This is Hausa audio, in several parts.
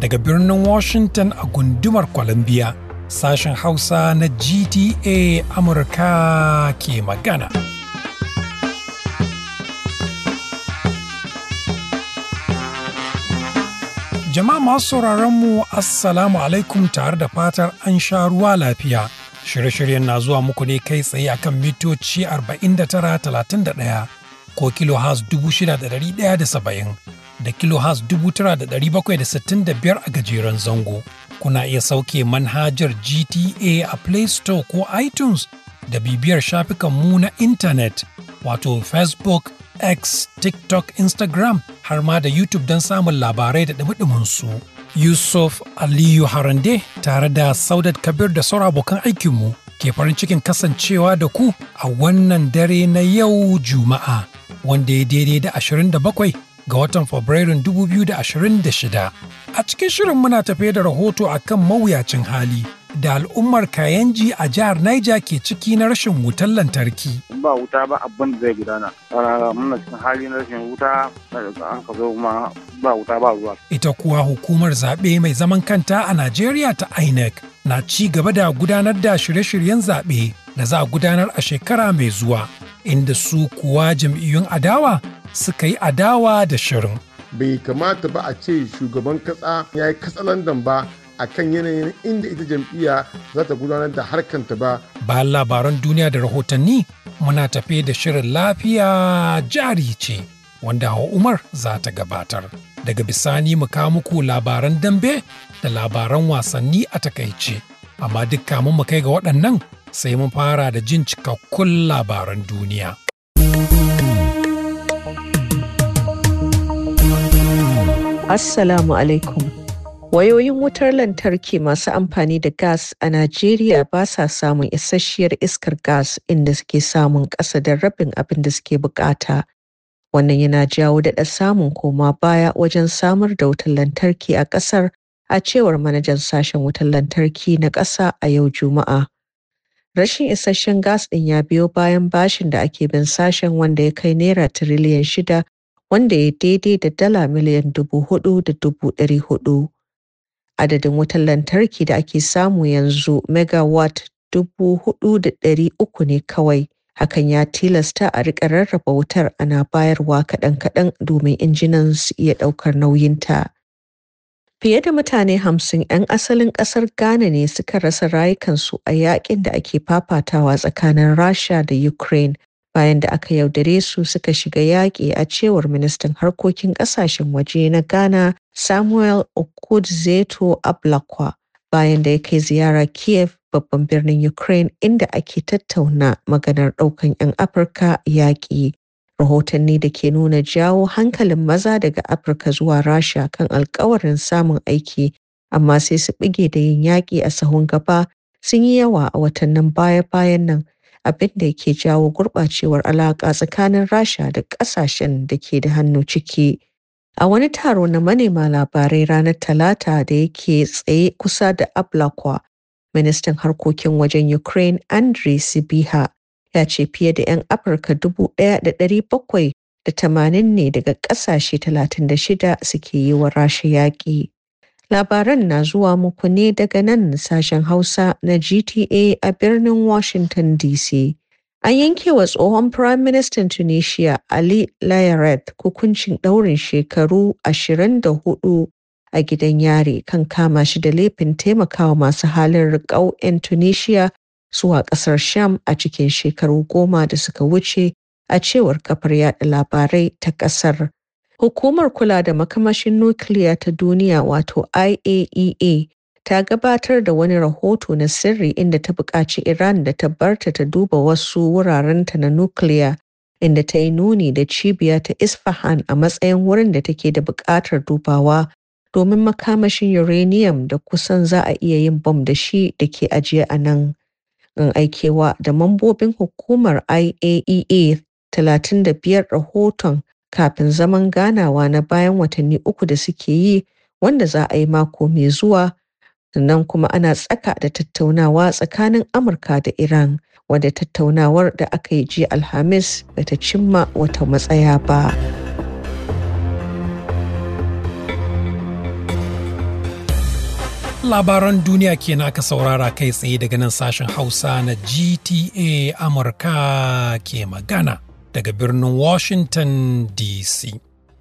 Daga birnin Washington a gundumar Columbia, sashen Hausa na GTA Amurka ke magana. Jama'a masu mu Assalamu alaikum tare da fatar an sha ruwa lafiya. Shirye-shiryen na zuwa muku ne kai tsaye akan mitoci 49, 31 ko dubu 6,170 da da da 9,765 a gajeren zango. Kuna iya sauke manhajar GTA a Play Store ko iTunes da bibiyar mu na intanet wato Facebook, X, TikTok, Instagram har ma da YouTube don samun labarai da ɗumi su. Yusuf Aliyu Harande tare da Saudat Kabir da sauran abokan aikinmu ke farin cikin kasancewa da ku a wannan dare na yau Juma'a. wanda ya daidai da 27 ga watan Fabrairun 2026. A cikin shirin muna tafe da rahoto a kan mawuyacin hali da al'ummar Kayanji a jihar Naija ke ciki na rashin wutar lantarki. Ba wuta ba abin da zai gudana. Muna cikin hali na rashin wuta an ka zo kuma ba wuta ba ruwa. Ita kuwa hukumar zaɓe mai zaman kanta a Najeriya ta INEC na ci gaba da gudanar da shirye-shiryen zaɓe da za a gudanar a shekara mai zuwa. inda su kuwa jam'iyyun adawa suka yi adawa da shirin. Bai kamata ba a ce shugaban kasa ya yi katsalandan ba a kan yanayin inda ita jam'iyya za ta gudanar da harkanta ba. Bayan labaran duniya da rahotanni muna tafe da shirin lafiya jari ce wanda hawa Umar za ta gabatar. Daga bisani mu kawo muku labaran dambe da labaran wasanni a takaice. Amma duk kamun mu kai ga waɗannan sai mun fara da jin cikakkun labaran duniya. Assalamu alaikum. Wayoyin wutar lantarki masu amfani da gas a Najeriya ba sa samun isasshiyar iskar gas inda suke samun ƙasa da rabin abin da suke bukata. Wannan yana jawo daɗa samun koma baya wajen samar da wutar lantarki a ƙasar a cewar manajan sashen wutar lantarki na ƙasa a yau Juma'a. Rashin isasshen gas ɗin ya biyo bayan bashin da ake bin sashen wanda ya kai Naira tiriliyan shida wanda ya daidai da dala miliyan dubu hudu da dubu ɗari hudu. Adadin wutar lantarki da ake samu yanzu megawatt dubu hudu da ɗari uku ne kawai. Hakan ya tilasta a riƙa rarraba wutar ana bayarwa kaɗan-kaɗan domin injinan su iya ɗaukar nauyinta. Fiye da mutane hamsin 'yan asalin ƙasar Ghana ne suka rasa rayukansu a yaƙin da ake fafatawa tsakanin Rasha da Ukraine bayan da aka yaudare su suka shiga yaƙi a cewar ministan harkokin ƙasashen waje na Ghana Samuel Okudzeto Ablakwa bayan da ya kai ziyara Kiev babban birnin Ukraine inda ake tattauna maganar ɗaukan 'yan Afirka yaƙi. rahotanni da ke nuna jawo hankalin maza daga afirka zuwa rasha kan alkawarin samun aiki amma sai su bige da yin yaƙi a sahun gaba sun yi yawa a watannin baya-bayan nan abin da ke jawo gurɓacewar alaƙa tsakanin rasha da ƙasashen da ke da hannu ciki a wani taro na manema labarai ranar talata da yake tsaye kusa da ablakwa ministan harkokin wajen ukraine andriy sibiha ce fiye da 'yan Afirka 1,780 ne daga ƙasashe 36 suke yi wa Rasha yaƙi. Labaran na zuwa muku ne daga nan sashen Hausa na GTA a birnin Washington DC. An yanke wa tsohon Firayim Ministan Tunisia Ali Layaret hukuncin ɗaurin shekaru 24 a gidan yari kan kama shi da laifin taimakawa masu halin riƙau 'yan Tunisia zuwa ƙasar Sham a cikin shekaru goma da suka wuce a cewar kafar yada labarai ta ƙasar. Hukumar kula da makamashin nukiliya ta duniya wato IAEA e ta gabatar da wani rahoto na sirri inda ta buƙaci Iran da ta barta ta duba wasu wurarenta na nukiliya inda ta yi nuni da cibiya ta Isfahan a matsayin wurin da take da buƙatar dubawa domin makamashin uranium da kusan za a iya yin bom da shi da ke ajiye a nan. in aikewa da mambobin hukumar IAEA 35 e rahoton kafin zaman ganawa na bayan watanni uku da suke yi wanda za a yi mako mai zuwa sannan kuma ana tsaka da tattaunawa tsakanin amurka da iran wadda tattaunawar da aka yi jiya alhamis bata cimma wata matsaya ba. Labaran duniya kenan aka saurara kai tsaye daga nan sashen Hausa na GTA Amurka ke magana daga birnin Washington DC.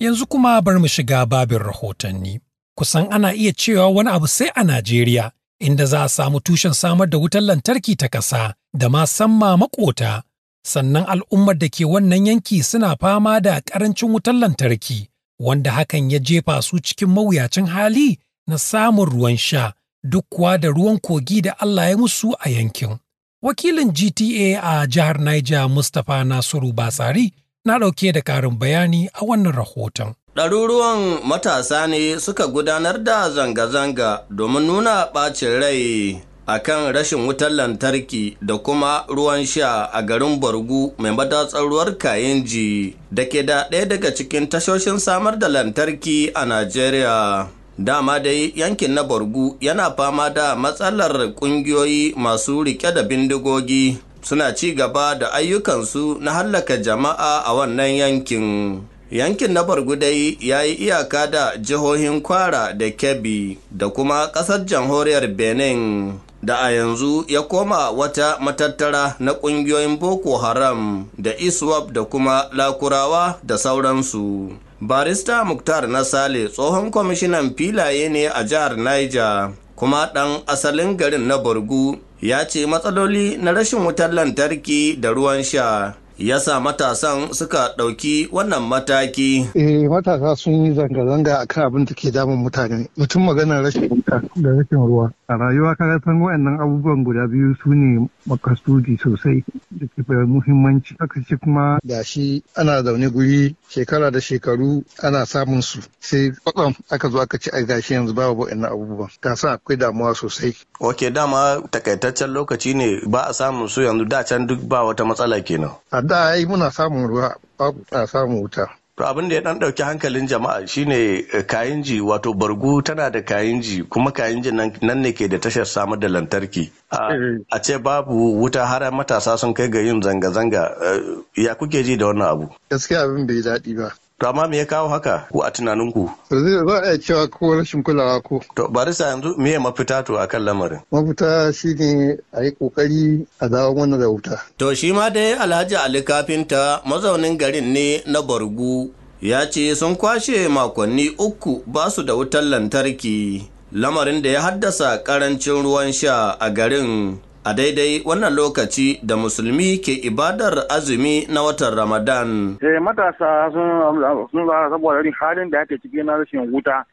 Yanzu kuma bar mu shiga babin rahotanni. Kusan ana iya cewa wani abu sai a Najeriya, inda za a samu tushen samar da wutar lantarki ta ƙasa da ma samma makota. Sannan al'ummar da ke wannan yanki suna fama da ƙarancin wutar lantarki, wanda hakan ya jefa su cikin mawuyacin hali na samun ruwan sha duk kuwa da ruwan kogi da Allah ya musu a yankin. Wakilin GTA a jihar Niger Mustapha Nasiru basari na ɗauke da ƙarin bayani a wannan rahoton. ɗaruruwan matasa ne suka gudanar da zanga-zanga domin nuna ɓacin rai a kan rashin wutar lantarki da kuma ruwan sha a garin Bargu mai matatsar kayinji, da ke da ɗaya daga cikin tashoshin samar da lantarki a Najeriya. dama dai yankin na borgu yana fama da matsalar kungiyoyi masu rike da bindigogi suna ci gaba da ayyukansu na hallaka jama'a a wannan yankin yankin na borgu dai ya yi iyaka da jihohin kwara da kebbi da kuma ƙasar jamhuriyar benin da a yanzu ya koma wata matattara na ƙungiyoyin boko haram da iswap da kuma lakurawa da sauransu barista muktar na sale tsohon kwamishinan filaye ne a jihar niger kuma ɗan asalin garin na borgu ya ce matsaloli na rashin wutar lantarki da ruwan sha ya sa matasan suka ɗauki wannan mataki. Eh matasa sun yi zanga-zanga kan abin da ke damun mutane. Mutum maganar rashin wuta da rashin ruwa. a rayuwa kaga san abubuwan guda biyu su ne makasudi sosai da ke da muhimmanci haka shi kuma da shi ana zaune guri shekara da shekaru ana samun su sai kwatsam aka zo aka ci a gashi yanzu babu wa'annan abubuwan ka sa akwai damuwa sosai ok dama takaitaccen lokaci ne ba a samun su yanzu da can duk ba wata matsala kenan a da yi muna samun ruwa babu a samun wuta To abin da ya dan dauki hankalin jama'a shine eh, kayinji wato bargu tana da kayinji kuma kayinji nan ne ke da tashar samar da lantarki. Eh. A ce babu wuta har matasa sun kai ga yin zanga-zanga eh, ya kuke ji da wannan abu. Gaskiya abin bai daɗi ba. To amma me ya kawo haka ku a tunaninku? ba a iya cewa ko rashin kulawa ko. To barisa yanzu me ya mafita to akan lamarin? Mafita shine a yi kokari a dawo mana da wuta. To shi ma dai Alhaji Ali Kafinta mazaunin garin ne na Bargu ya ce sun kwashe makonni uku ba su da wutar lantarki. Lamarin da ya haddasa karancin ruwan sha a garin a daidai wannan lokaci da musulmi ke ibadar azumi na watan Ramadan. sai eh, matasa sun zara saboda irin halin da ake ciki na rashin wuta.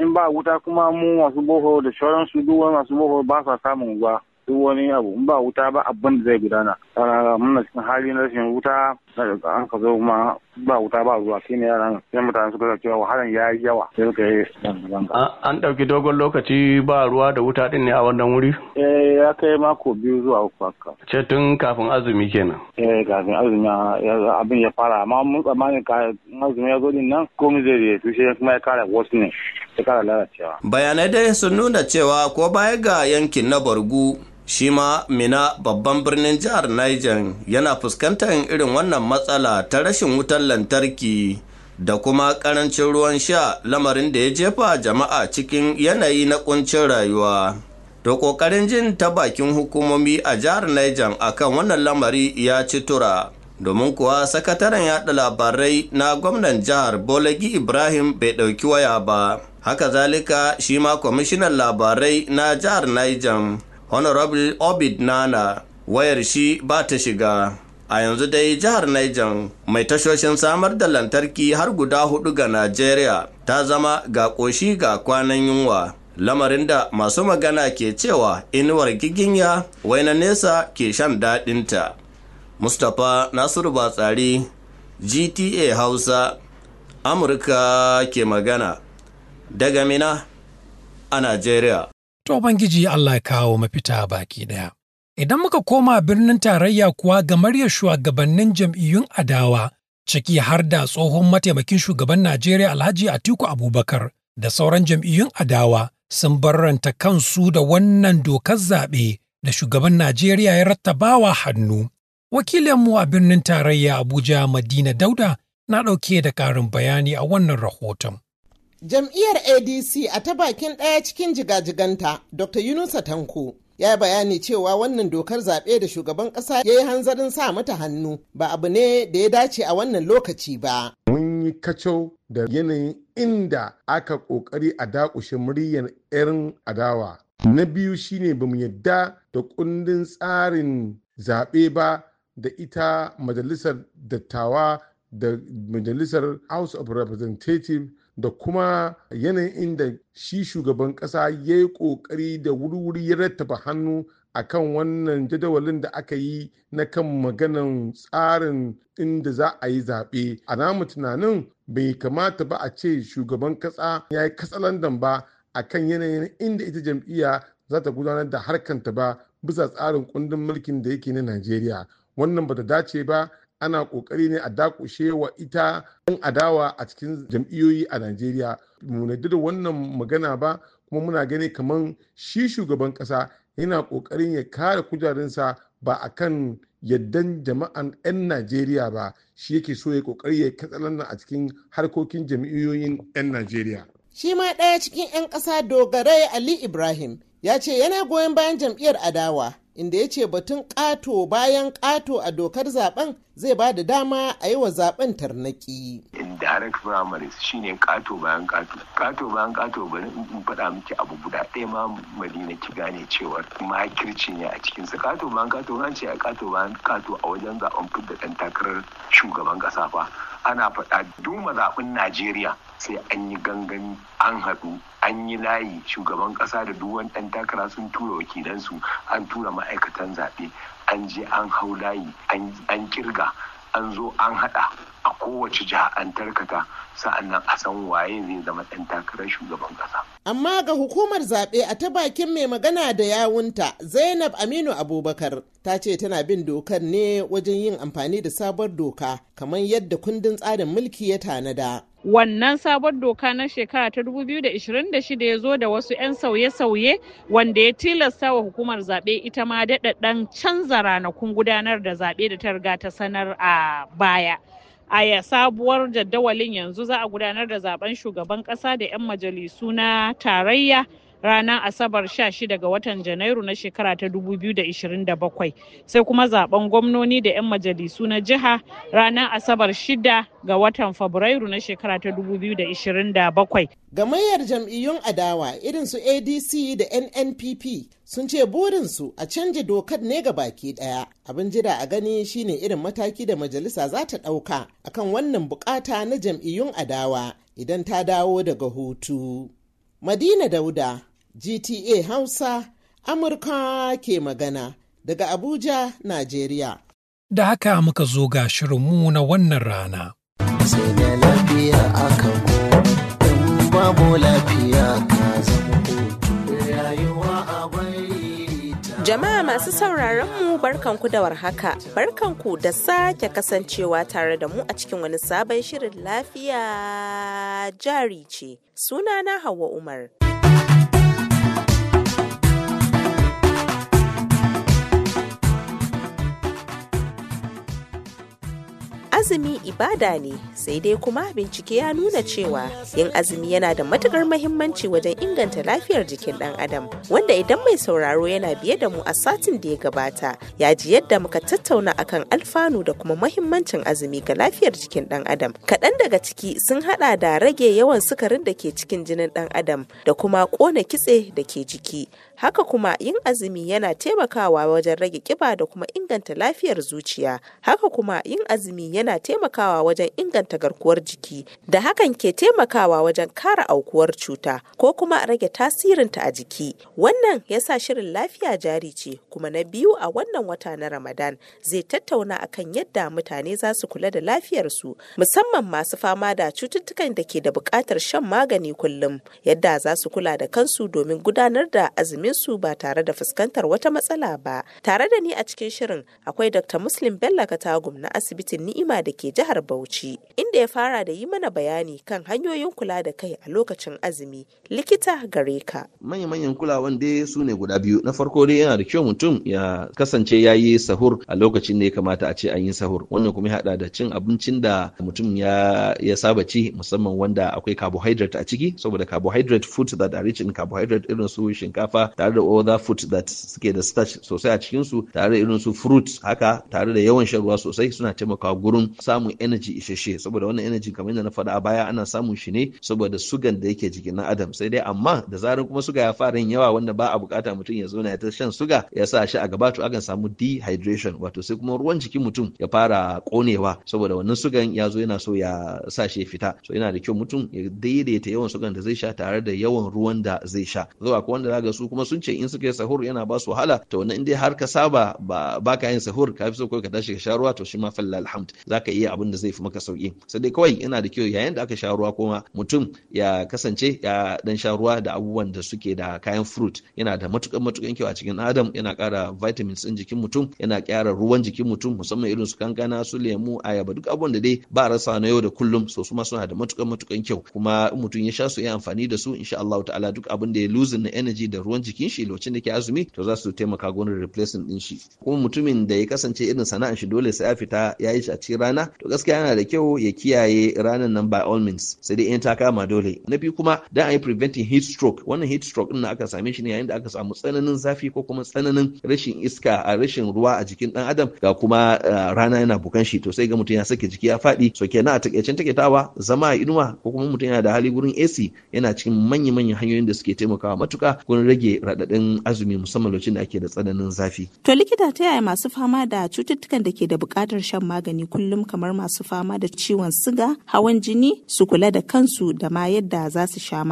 in ba wuta kuma mu masu boho da su duk masu boho ba sa samun ruwa. duk wani abu in ba wuta ba abin da zai gudana muna cikin hali na rashin wuta an ka zo kuma ba wuta ba ruwa shi ne yaran sai mutane suka ga cewa wahalan ya yi yawa sai suka yi an ɗauki dogon lokaci ba ruwa da wuta din ne a wannan wuri eh ya kai mako biyu zuwa uku haka ce tun kafin azumi kenan eh kafin azumi abin ya fara amma mun tsammani azumi ya zo din nan komai zai yi shi kuma ya kare wasu ne ya kare lalacewa bayanai dai sun nuna cewa ko baya ga yankin na bargu shi ma mina babban birnin jihar niger yana fuskantar irin wannan matsala ta rashin wutar lantarki da kuma karancin ruwan sha lamarin da ya jefa jama'a cikin yanayi na kuncin rayuwa to kokarin jin ta bakin hukumomi a jihar niger akan wannan lamari ya ci tura domin kuwa sakataren yaɗa labarai na gwamnan jihar bolagi ibrahim bai ɗauki waya ba haka zalika shi ma kwamishinan labarai na jihar niger honorable obid nana wayar shi ba ta shiga a yanzu dai jihar Niger mai tashoshin samar da lantarki har guda hudu ga Najeriya ta zama ga koshi ga kwanan yunwa. Lamarin da masu magana ke cewa inuwar giginya wai na nesa ke shan daɗinta. Mustapha Nasiru Batsari GTA Hausa Amurka ke magana daga Mina a Najeriya. to Ubangiji Allah ya kawo mafita baki ɗaya. Idan muka koma birnin tarayya kuwa ga maryar shugabannin jam'iyyun adawa, ciki har da tsohon mataimakin shugaban Najeriya Alhaji Atiku Abubakar da sauran jam'iyyun adawa sun barranta kansu da wannan dokar zaɓe da shugaban Najeriya ya rattabawa hannu. Wakilinmu a birnin tarayya Abuja Madina Dauda na ɗauke da ƙarin bayani a wannan rahoton. Jam'iyyar ADC a ta bakin ɗaya cikin jigajiganta Dr. Yunusa Tanko ya bayani cewa wannan dokar zaɓe da shugaban ƙasa ya yi hanzarin sa mata hannu ba abu ne da ya dace a wannan lokaci ba. Mun yi kacau da yanayin inda aka ƙoƙari a dakushe muryar 'yan adawa. Na biyu shine ba mu yadda da kundin tsarin zaɓe ba da ita majalisar dattawa da majalisar House of Representatives da kuma yanayin inda shi shugaban kasa ya yi ƙoƙari da wuri-wuri ya rattaba hannu a kan wannan jadawalin da aka yi na kan maganan tsarin inda za a yi zaɓe a namu tunanin bai kamata ba a ce shugaban kasa ya yi katsalandan ba a kan yanayin inda ita jam'iyya za ta gudanar da harkanta ba bisa tsarin kundin mulkin da yake na najeriya wannan bata dace ba ana kokari ne a dakushe wa ita yan adawa a cikin jam'iyyoyi a najeriya mu da wannan magana ba kuma muna gani kamar shi shugaban kasa yana kokarin ya kare kujarinsa ba a kan yaddan jama'an 'yan najeriya ba shi yake so ya kokari ya katsalanna a cikin harkokin jam'iyyoyin 'yan najeriya shi ma ɗaya cikin 'yan ƙasa dogarai ali ibrahim ya ce yana goyon bayan jam'iyyar adawa inda ya ce batun ƙato bayan ƙato a dokar zaben zai ba da dama a yi wa zaben tarnaki. direct primaries shine ƙato bayan ƙato ƙato bayan ƙato bari in faɗa miki abu guda ɗaya ma madina ki gane cewar makirci ne a cikin sa ƙato bayan ƙato an ce a ƙato bayan ƙato a wajen zaben fidda ɗan takarar shugaban ƙasa fa ana faɗa duma zaɓin najeriya sai an yi gangami an haɗu an yi layi shugaban ƙasa da duwan ɗan takara sun tura wakilansu an tura ma'aikatan zaɓe an je an hau layi an kirga an zo an haɗa a kowace jiha an tarkata sa'annan a san waye zai zama ɗan takarar shugaban ƙasa. Amma ga hukumar zaɓe a ta bakin mai magana da yawunta Zainab Aminu Abubakar ta ce tana bin dokar ne wajen yin amfani da sabon doka kamar yadda kundin tsarin mulki ya tanada. wannan sabon doka na shekara ta 2026 ya zo da wasu 'yan sauye-sauye wanda ya tilasta wa hukumar zaɓe ita ma daɗaɗɗan canza ranakun gudanar da zaɓe da ta riga ta sanar a baya. a sabuwar jaddawalin yanzu za a gudanar da zaben shugaban kasa da 'yan majalisu na tarayya ranar Asabar 16 ga watan Janairu na shekara ta 2027 sai kuma zaben gwamnoni da 'yan majalisu na jiha ranar Asabar 6 ga watan Fabrairu na shekara ta 2027. Gamayyar jam'iyyun adawa irin su ADC da NNPP sun ce burinsu a canje dokar ne ga baki daya. Abin jira a gani shine irin mataki da majalisa za ta ɗauka akan wannan bukata na jam'iyyun adawa idan ta dawo daga hutu. Madina Dauda GTA Hausa Amurka ke magana daga Abuja, Najeriya. Da haka muka zo ga shirinmu na wannan rana. Jama'a masu sauraron mu barkanku da warhaka, barkanku da sake kasancewa tare da mu a cikin wani sabon shirin lafiya jari ce. Sunana Hauwa Umar. azumi ibada ne sai dai kuma bincike ya nuna cewa yin azumi yana da matukar mahimmanci wajen inganta lafiyar jikin dan adam wanda idan mai sauraro yana biye da mu a satin da ya gabata ya ji yadda muka tattauna akan alfanu da kuma mahimmancin azumi ga lafiyar jikin dan adam kaɗan daga ciki sun haɗa da rage yawan sukarin da ke cikin jinin dan adam da kuma kona kitse da ke jiki haka kuma yin azumi yana taimakawa wajen rage kiba da kuma inganta lafiyar zuciya haka kuma yin azumi yana taimakawa wajen inganta garkuwar jiki da hakan ke taimakawa wajen kara aukuwar cuta ko kuma rage tasirinta a jiki. Wannan ya sa shirin lafiya jari ce kuma na biyu a wannan wata na Ramadan zai tattauna akan yadda mutane za su kula da lafiyarsu musamman masu fama da cututtukan da ke da buƙatar shan magani kullum yadda za su kula da kansu domin gudanar da azuminsu ba tare da fuskantar wata matsala ba. Tare da ni a cikin shirin akwai Dr. Muslim Bello Katagum na asibitin Ni'ima da ke jihar Bauchi, inda ya fara da yi mana bayani kan hanyoyin kula da kai a lokacin azumi. Likita gare ka. Manya-manyan kulawan dai su ne guda biyu. Na farko dai yana da kyau mutum ya kasance ya yi sahur a lokacin da ya kamata a ce an yi sahur. Wannan kuma ya haɗa da cin abincin da mutum ya, ya saba ci musamman wanda akwai carbohydrate a ciki saboda carbohydrate food that are rich in carbohydrate irin su shinkafa tare da other food that suke da starch sosai a cikinsu, su tare da irin su fruits haka tare da yawan shan ruwa sosai suna taimakawa gurin samun energy isasshe saboda wannan energy kamar yadda na faɗa a baya ana samun shi ne saboda sugan da yake jikin na adam sai dai amma da zarar kuma suga ya fara yin yawa wanda ba a bukata mutum ya zauna ya ta shan suga ya sa shi a gaba to akan samu dehydration wato sai kuma ruwan jikin mutum ya fara konewa saboda wannan sugan ya zo yana so ya sa shi ya fita so yana da kyau mutum ya daidaita yawan sugan da zai sha tare da yawan ruwan da zai sha zuwa ko wanda zaga su kuma sun ce in suka yi sahur yana ba su wahala to wannan in har ka saba ba ka yin sahur ka fi so ka tashi ka sha ruwa to shi ma falla alhamd za zaka ka iya abin da zai fi maka sauki sai dai kawai yana da kyau yayin da aka sha ruwa kuma mutum ya kasance ya dan sha ruwa da abubuwan da suke da kayan fruit yana da matukan matukan kyau a cikin adam yana kara vitamins din jikin mutum yana kyara ruwan jikin mutum musamman irin su kankana su lemu ayaba duk abubuwan da dai ba rasa na yau da kullum so su ma suna da matukan matukan kyau kuma mutum ya sha su ya amfani da su insha Allah ta'ala duk abin da ya lose na energy da ruwan jikin shi lokacin da ke azumi to za su taimaka gurin replacing din shi kuma mutumin da ya kasance irin sana'ar shi dole sai ya fita ya yi shi a rana to gaskiya yana da kyau ya kiyaye ranan nan by all means sai dai in ta kama dole na biyu kuma dan ayi preventing heat stroke wannan heat stroke din aka same shi ne yayin da aka samu tsananin zafi ko kuma tsananin rashin iska a rashin ruwa a jikin dan adam ga kuma rana yana bukan shi to sai ga mutum ya sake jiki ya faɗi so kenan a takeicen taketawa zama a inuwa ko kuma mutum yana da hali gurin AC yana cikin manya-manyan hanyoyin da suke taimakawa matuka gurin rage radadin azumi musamman lokacin da ake da tsananin zafi to likita ta yaya masu fama da cututtukan da ke da buƙatar shan magani kullum kamar masu fama da ciwon siga hawan jini su kula da kansu da ma yadda za su sha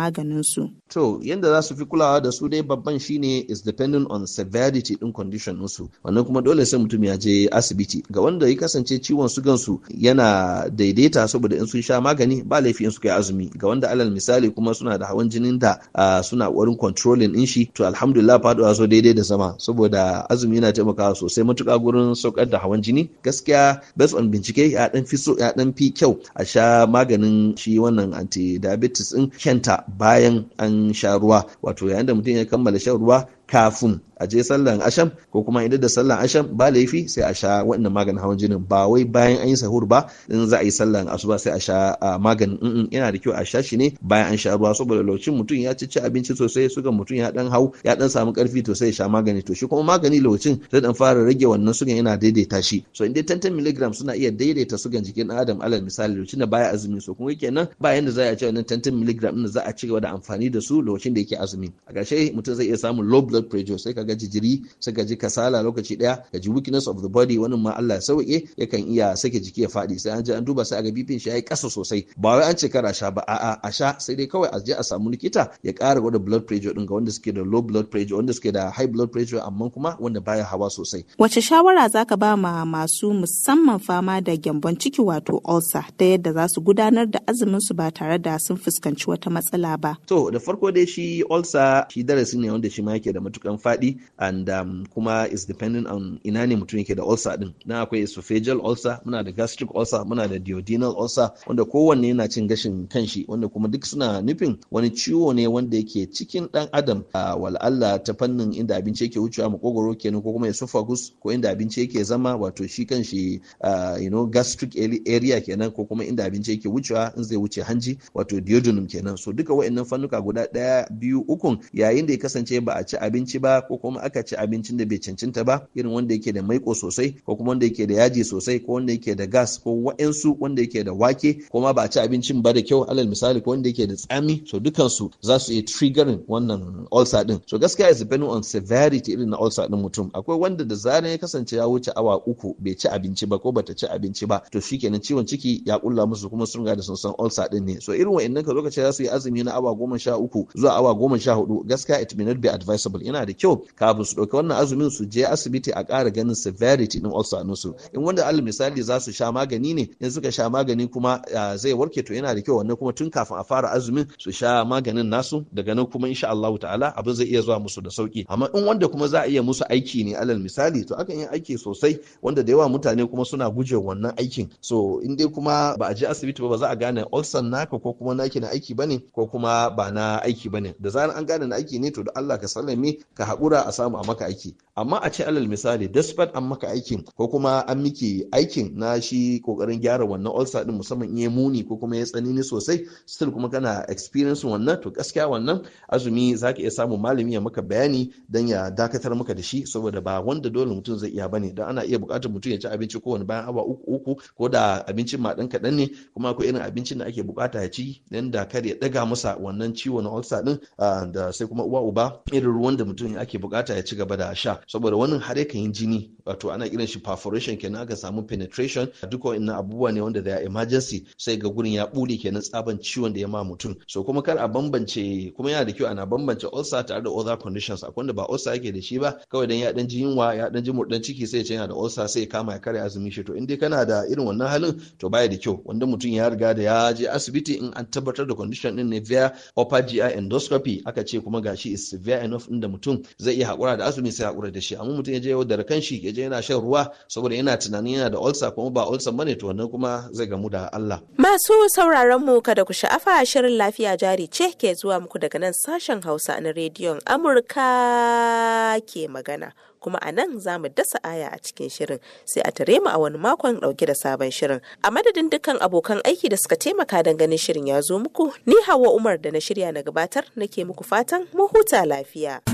su to yadda za su fi kulawa da su dai babban shine is depending on severity din condition su wannan kuma dole sai mutum ya je asibiti ga wanda ya kasance ciwon sugan su yana daidaita saboda in sun sha magani ba laifi in su kai azumi ga wanda alal misali kuma suna da hawan jinin da suna warin controlling din shi to alhamdulillah faduwa so daidai da sama saboda azumi yana taimakawa sosai matuka gurin saukar da hawan jini gaskiya based on bincike ya dan fi so ya dan fi kyau a sha maganin shi wannan anti diabetes din kenta bayan an sha ruwa wato yayin da mutum ya kammala shan ruwa kafin a je sallan asham ko kuma idan da sallan asham ba laifi sai a sha wannan maganin hawan jinin ba wai bayan an yi sahur ba in za a yi sallan asuba sai a sha maganin yana da kyau a sha shi ne bayan an sha ruwa saboda lokacin mutum ya ci abinci sosai sugan mutum ya dan hau ya dan samu karfi to sai ya sha magani to shi kuma magani lokacin zai dan fara rage wannan sugan yana daidaita shi so in dai 10 mg suna iya daidaita sugan jikin dan adam alal misali lokacin da baya azumi so kuma kenan ba yanda za a ce wannan 10 mg din za a ci gaba da amfani da su lokacin da yake azumi a ƙarshe mutum zai iya samun low blood blood pressure sai ka ga jijiri sai ka ji kasala lokaci daya ka ji weakness of the body wani ma Allah ya sauke yakan iya sake jiki ya fadi sai an je an duba sai a ga bipin shi yayi kasa sosai ba wai an ce kara sha ba a'a a sha sai dai kawai a je a samu likita ya kara gwada blood pressure din ga wanda suke da low blood pressure wanda suke da high blood pressure amma kuma wanda baya hawa sosai wace shawara zaka ba ma masu musamman fama da gyambon ciki wato ulcer ta yadda za su gudanar da azumin su ba tare da sun fuskanci wata matsala ba to da farko dai shi ulcer shi darasi ne wanda shi ma yake da matukan faɗi and um, kuma is depending on ina ne mutum yake da ulcer din na akwai esophageal ulcer muna da gastric ulcer muna da duodenal ulcer wanda kowanne yana cin gashin kanshi wanda kuma duk suna nufin wani ciwo ne wanda yake cikin dan adam uh, wal Allah ta fannin inda abinci yake wucewa makogoro kenan ko kuma esophagus ko inda abinci yake zama wato shi kanshi uh, you know gastric area kenan ko kuma inda abinci yake wucewa in zai wuce hanji wato duodenum kenan so duka wa'annan fannuka guda daya biyu ukun yayin da ya kasance ba a ci abinci abinci ba ko kuma aka ci abincin da bai cancanta ba irin wanda yake da maiko sosai ko kuma wanda yake da yaji sosai ko wanda yake da gas ko wa'ensu wanda yake da wake ko ma ba ci abincin ba da kyau alal misali ko wanda yake da tsami so dukansu za su iya triggerin wannan ulcer din so gaskiya is depending on severity irin na ulcer din mutum akwai wanda da zaran ya kasance ya wuce awa uku bai ci abinci ba ko bata ci abinci ba to shikenan ciwon ciki ya kulla musu kuma sun ga da sun san ulcer din ne so irin wa'annan ka lokaci za su yi azumi na awa goma sha uku zuwa awa goma sha hudu gaskiya it may not be advisable yana da kyau kafin su ɗauki wannan azumin su je asibiti a ƙara ganin severity ɗin ulcer ɗinsu in wanda al misali za su sha magani ne in suka sha magani kuma zai warke to yana da kyau wannan kuma tun kafin a fara azumin su sha maganin nasu daga nan kuma insha Allah ta'ala abin zai iya zuwa musu da sauki amma in wanda kuma za a iya musu aiki ne alal misali to akan yi aiki sosai wanda da yawa mutane kuma suna guje wannan aikin so in dai kuma ba a je asibiti ba ba za a gane ulcer naka ko kuma naki na aiki bane ko kuma ba na aiki bane da zaran an gane na aiki ne to da Allah ka sallame ne ka haƙura a samu a maka aiki amma a ce alal misali despite an maka aikin ko kuma an miki aikin na shi kokarin gyara wannan ulcer din musamman in ya muni ko kuma ya tsanini sosai still kuma kana experience wannan to gaskiya wannan azumi zaka iya samu malami ya maka bayani dan ya dakatar maka da shi saboda ba wanda dole mutum zai iya bane dan ana iya buƙatar mutum ya ci abinci kowane bayan awa uku uku ko da abincin ma dan kaɗan ne kuma akwai irin abincin da ake buƙata ya ci dan da kar ya ɗaga masa wannan ciwon ulcer din ah, da sai kuma uwa uba irin ruwan da mutum ake bukata ya ci gaba da sha saboda wannan har yakan yi jini wato ana kiran shi perforation kenan aka samu penetration duk wannan abubuwa ne wanda da emergency sai ga gurin ya bule kenan tsaban ciwon da ya ma mutum so kuma kar a bambance kuma yana da kyau ana bambance ulcer tare da other conditions akwai da ba ulcer yake da shi ba kawai dan ya dan ji yunwa ya dan ji murdan ciki sai ya ce yana da ulcer sai ya kama ya kare azumi shi to in kana da irin wannan halin to baya da kyau wanda mutum ya riga da ya je asibiti in an tabbatar da condition din ne via upper GI endoscopy aka ce kuma gashi is severe enough inda mutum zai iya haƙura da azumi sai haƙura da shi amma mutum ya je yau da rakan shi ya je yana shan ruwa saboda yana tunanin yana da ulcer kuma ba ulcer bane to wannan kuma zai gamu da Allah. Masu sauraron mu kada ku sha'afa shirin lafiya jari ce ke zuwa muku daga nan sashen Hausa na rediyon Amurka ke magana. kuma a nan za mu dasa aya a cikin shirin sai a tare mu a wani makon ɗauki da sabon shirin a madadin dukkan abokan aiki da suka taimaka don ganin shirin ya zo muku ni hawa umar da na shirya na gabatar nake muku fatan mu huta lafiya.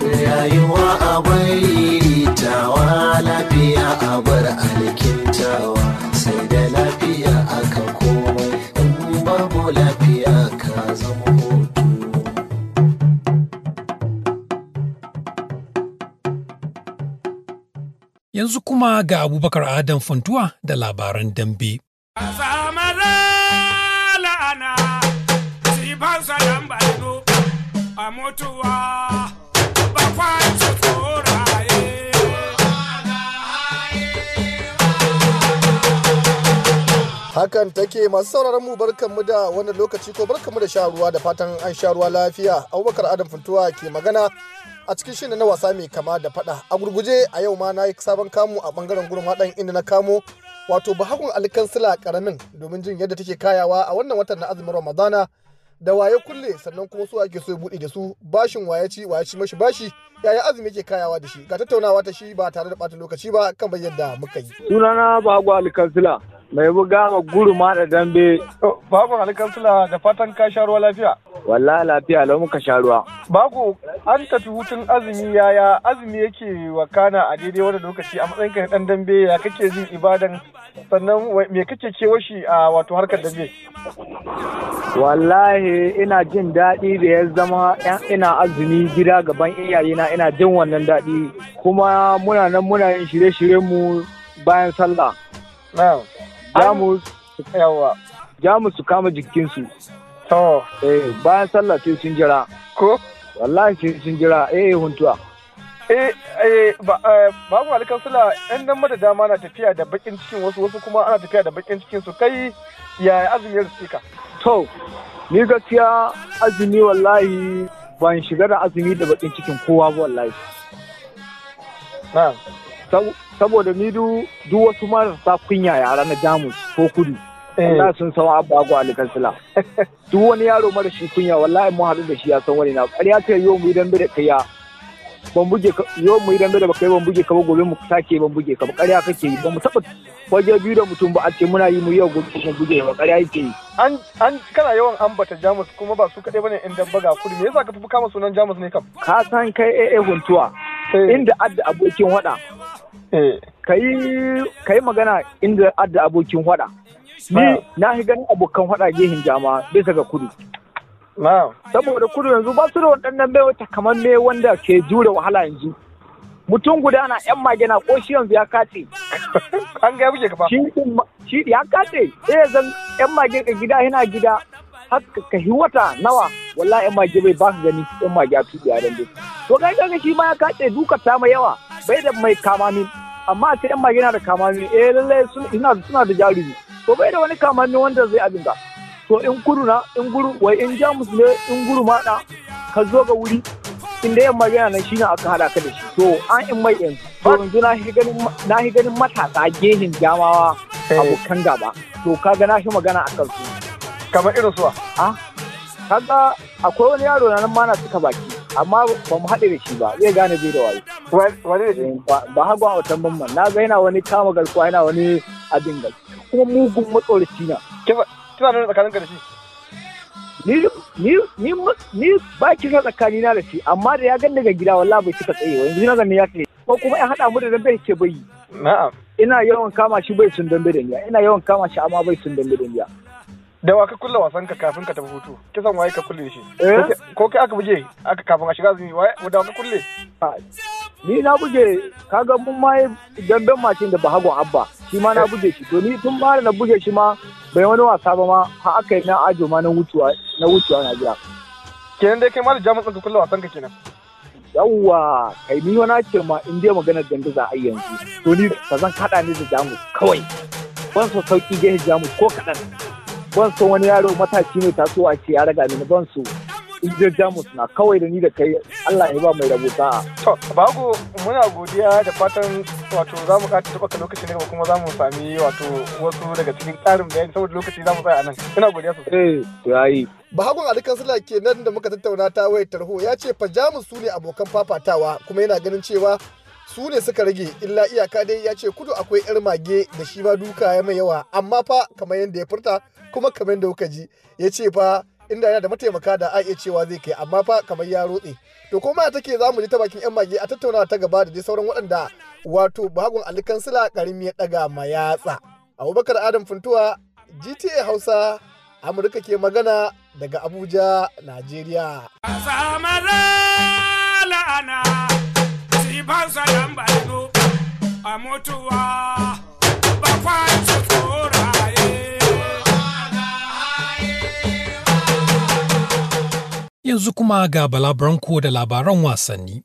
rayuwa a bari tawa lafiya a bar alkintawa sai da lafiya aka komai in babu lafiya ka zama hutu yanzu kuma ga abubakar adam fantuwa da labaran dambe Hakan take masu sauraron mu mu da wannan lokaci ko mu da sha ruwa da fatan an sha ruwa lafiya. Abubakar Adam Funtuwa ke magana a cikin shi na wasa mai kama da fada. A gurguje a yau ma na yi sabon kamu a bangaren gurma dan inda na kamo wato bahagun alkansila karamin domin jin yadda take kayawa a wannan watan na azumin Ramadana da waye kulle sannan kuma su ake so ya buɗe da su bashin waye ci waye ci mashi bashi yaya azumi yake kayawa da shi ga tattaunawa ta shi ba tare da ɓata lokaci ba kan bayyana da muka yi. sunana bago alikansila mai buga ma guru ma da dambe. bago alikansila da fatan ka sha ruwa lafiya. Wala lafiya lau muka sha ruwa. bago an tafi hutun azumi yaya azumi yake wakana a daidai wani lokaci a matsayin ka dan dambe ya kake jin ibadan sannan me kake kewa shi a wato harkar da wallahi ina jin daɗi da ya zama ina azumi gida gaban iyayena ina jin wannan daɗi kuma muna nan muna yin shirye mu bayan sallah jamus mu su kama jikinsu eh bayan sallah sai sun jira ko wallahi sai sun jira eh huntuwa Eh, eh, eh babu alikan sula yan nan mata dama na tafiya da bakin cikin wasu wasu kuma ana tafiya da bakin cikin su kai ya azumi ya ka to ni gaskiya azumi wallahi ban shiga da azumi da bakin cikin kowa ba wallahi saboda ni duk wasu marasa kunya yara na jamus ko kudu eh. Allah sun san abu agwa alikan sila duk wani yaro mara shi kunya wallahi mu haɗu da shi ya san wani na ƙarya ta yi mu idan bi da kaiya ban buge ka yau mu idan da baka yi ban buge ka ba gobe mu sake ban buge ka ba ƙarya kake yi ba mu taɓa waje biyu da mutum ba a ce muna yi mu yau gobe ban buge ba ƙarya yake yi an an kana yawan ambata jamus kuma ba su kaɗai bane in dabba ga kudu me yasa ka tafi kama sunan jamus ne kam ka san kai eh huntuwa inda adda abokin hada eh. ka yi magana inda adda abokin hada ni eh. na ganin abokan hada gehin jama'a bisa ga kudu saboda kudu yanzu ba su da waɗannan bai wata kamar me wanda ke jure wahala yanzu mutum guda na yan magana ko shi yanzu ya kace an ga muke kafa shi ya kace sai zan yan mage ka gida yana gida har ka hiwata nawa wallahi yan mage bai ba ka gani yan mage a tuɗi a dambe to kai ga shi ma ya kace duka ta mai yawa bai da mai kamamin amma sai yan mage na da kamamin eh lallai suna da jarumi to bai da wani kamamin wanda zai abin to in guru na in guru wai in jamus ne in guru ma da ka zo ga wuri in da yamma yana nan shine aka hada ka da shi to an in mai yanzu to yanzu na shi ganin na shi ganin matasa gehin jamawa eh. abokan gaba to kaga na shi magana akan su kamar irin suwa a kaga akwai wani yaro na nan ma na suka baki amma ba mu haɗe da shi ba zai gane bai da waye. Wane ne? Eh, ba hagu a watan bamban na ga yana wani kama garkuwa yana wani abin gaske Kuma mugun matsoraci na. kina nuna tsakaninka da shi ni ni ni ni ba ki na tsakani na da shi amma da ya gan daga gida wallahi bai cika tsaye yanzu na zanne ya tsaye ko kuma ya hada mu da dambe ke bai na'am ina yawan kama shi bai sun dambe da niya ina yawan kama shi amma bai sun dambe da niya da wa ka kulle wasan ka kafin ka tafi hutu kisan waye ka kulle shi eh? ko kai aka buje aka kafin a shiga azumi waye da wa ka kulle ni na buge kaga mun ma damben mashin da bahagon abba shi ma na buge shi to ni tun ba na buge shi ma bai wani wasa ba ma har aka yi na ajo ma na wucewa na wucewa na gida kenan dai kai ma da jamus ka kullum wasan ka kenan yawwa kai ni wani ake ma in dai maganar dambe za a yi yanzu to ni ba zan kada ni da jamus kawai ban so sauki jamus ko kaɗan ban so wani yaro matashi ne tasowa ce ya raga ni ban so kungiyar jamus na kawai da ni da kai allah ya ba mai rabuta. sa'a. to bago muna godiya da fatan wato za mu kata taɓaka lokaci ne kuma za mu sami wato wasu daga cikin ƙarin bayani saboda lokaci za mu tsaya a nan ina godiya sosai. eh to yayi. bahagun ali ke nan da muka tattauna ta wayar tarho ya ce fa jamus su ne abokan fafatawa kuma yana ganin cewa su ne suka rage illa iyaka dai ya ce kudu akwai yar mage da shi ma duka ya mai yawa amma fa kamar yadda ya furta kuma kamar yadda kuka ji ya ce fa inda yana da mataimaka da ai cewa zai kai amma fa kamar ya rotse to ko ma take za mu ji ta bakin yan mage a tattaunawa ta gaba da dai sauran waɗanda wato bagun ali kansila karimi ya mayatsa mayatsa abubakar adam funtuwa gta hausa amurka ke magana daga abuja najeriya a mutuwa yanzu kuma ga balabaranko da labaran wasanni.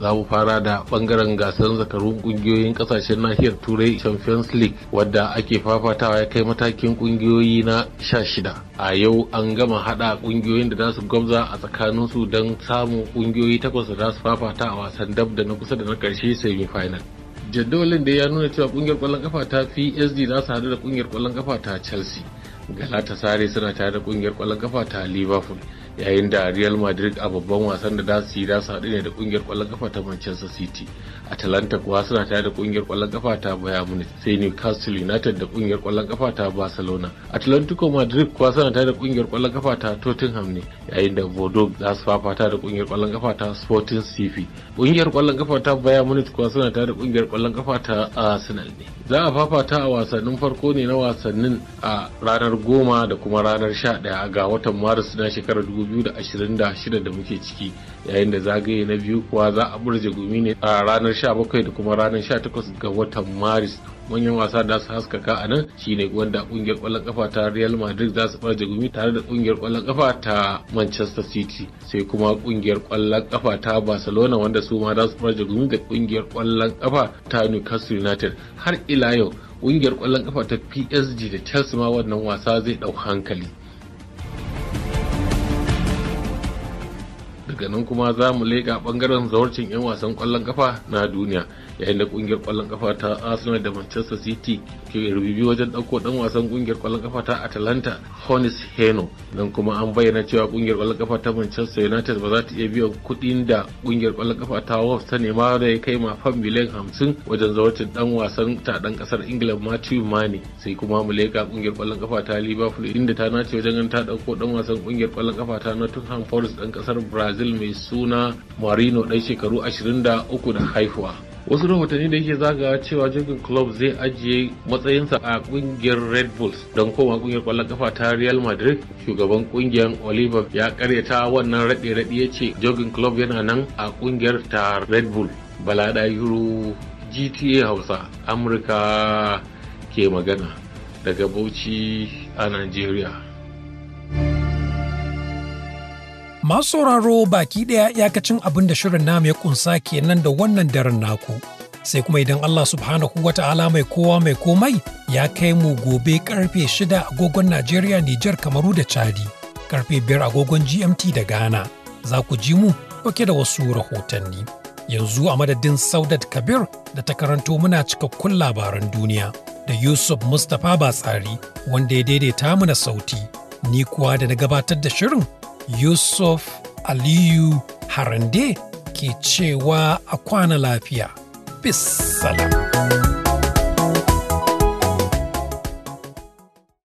za mu fara da bangaren gasar zakarun kungiyoyin kasashen nahiyar turai champions league wadda ake fafatawa ya kai matakin kungiyoyi na 16 a yau an gama hada kungiyoyin da za su gwamza a tsakaninsu su don samun kungiyoyi takwas da su fafata a wasan dab da na kusa da na karshe semi final jadawalin da ya nuna cewa kungiyar kwallon kafa ta psd za su hadu da kungiyar kwallon kafa ta chelsea galatasaray suna tare da kungiyar kwallon kafa ta liverpool yayin da real madrid a babban wasan da za su yi za su haɗu ne da kungiyar kwallon kafa ta manchester city atalanta kuwa suna tare da kungiyar kwallon kafa ta bayern munich sai newcastle united da kungiyar kwallon kafa ta barcelona atlantico madrid kuwa suna tare da kungiyar kwallon kafa ta tottenham ne yayin da bordeaux za su fafata da kungiyar kwallon kafa ta sporting cp kungiyar kwallon kafa ta bayern munich kuwa suna tare da kungiyar kwallon kafa ta arsenal ne za a fafata a wasannin farko ne na wasannin a ranar goma da kuma ranar sha ɗaya ga watan maris na shekarar 2026 da muke ciki yayin da zagaye na biyu kuwa za a burje gumi ne a ranar sha bakwai da kuma ranar sha 18 ga watan maris manyan wasa da su haskaka a nan shine wanda kungiyar kwallon kafa ta Real Madrid za su barje gumi tare da kungiyar kwallon kafa ta Manchester City sai kuma kungiyar kwallon kafa ta Barcelona wanda su ma za su barje gumi da kungiyar kwallon kafa ta Newcastle United har ila yau ƙungiyar kwallon kafa ta PSG da Chelsea ma wannan wasa zai ɗau hankali Ganin kuma za mu leƙa ɓangaren zawarcin 'yan wasan ƙwallon ƙafa na duniya yayin da kungiyar kwallon kafa ta arsenal da manchester city ke rubibi wajen ɗauko dan wasan kungiyar kwallon kafa ta atalanta honis heno dan kuma an bayyana cewa kungiyar kwallon kafa ta manchester united ba za ta iya biyan kuɗin da kungiyar kwallon kafa ta wolves ta nema da ya kai mafan miliyan hamsin wajen zawacin dan wasan ta dan kasar ingila matthew mane sai kuma mu leƙa kungiyar kwallon kafa ta liverpool inda ta nace wajen ta dauko ɗan wasan kungiyar kwallon kafa ta nottingham forest dan kasar brazil mai suna marino dan shekaru 23 da haihuwa wasu rahotanni da yake zaga cewa jirgin club zai ajiye matsayinsa a kungiyar red bulls don koma kungiyar kwallon kafa ta real madrid shugaban kungiyar oliver ya karyata wannan raɗe-raɗe ya ce jirgin club yana nan a kungiyar ta red bull bala ɗayuru gta hausa amurka ke magana daga bauchi a nigeria Masu sauraro baki ɗaya iyakacin abin da shirin namu ya kunsa kenan da wannan daren naku. Sai kuma idan Allah subhanahu wa ta'ala mai kowa mai komai ya kai mu gobe karfe shida agogon Najeriya, Nijar, Kamaru da Chadi, karfe biyar agogon GMT da Ghana. Za ku ji mu ɗauke da wasu rahotanni. Yanzu a madadin Saudat Kabir da ta karanto muna cikakkun labaran duniya da Yusuf Mustapha Batsari wanda ya daidaita mana sauti. Ni kuwa da na gabatar da shirin yusuf aliyu harande ke cewa a kwana lafiya bis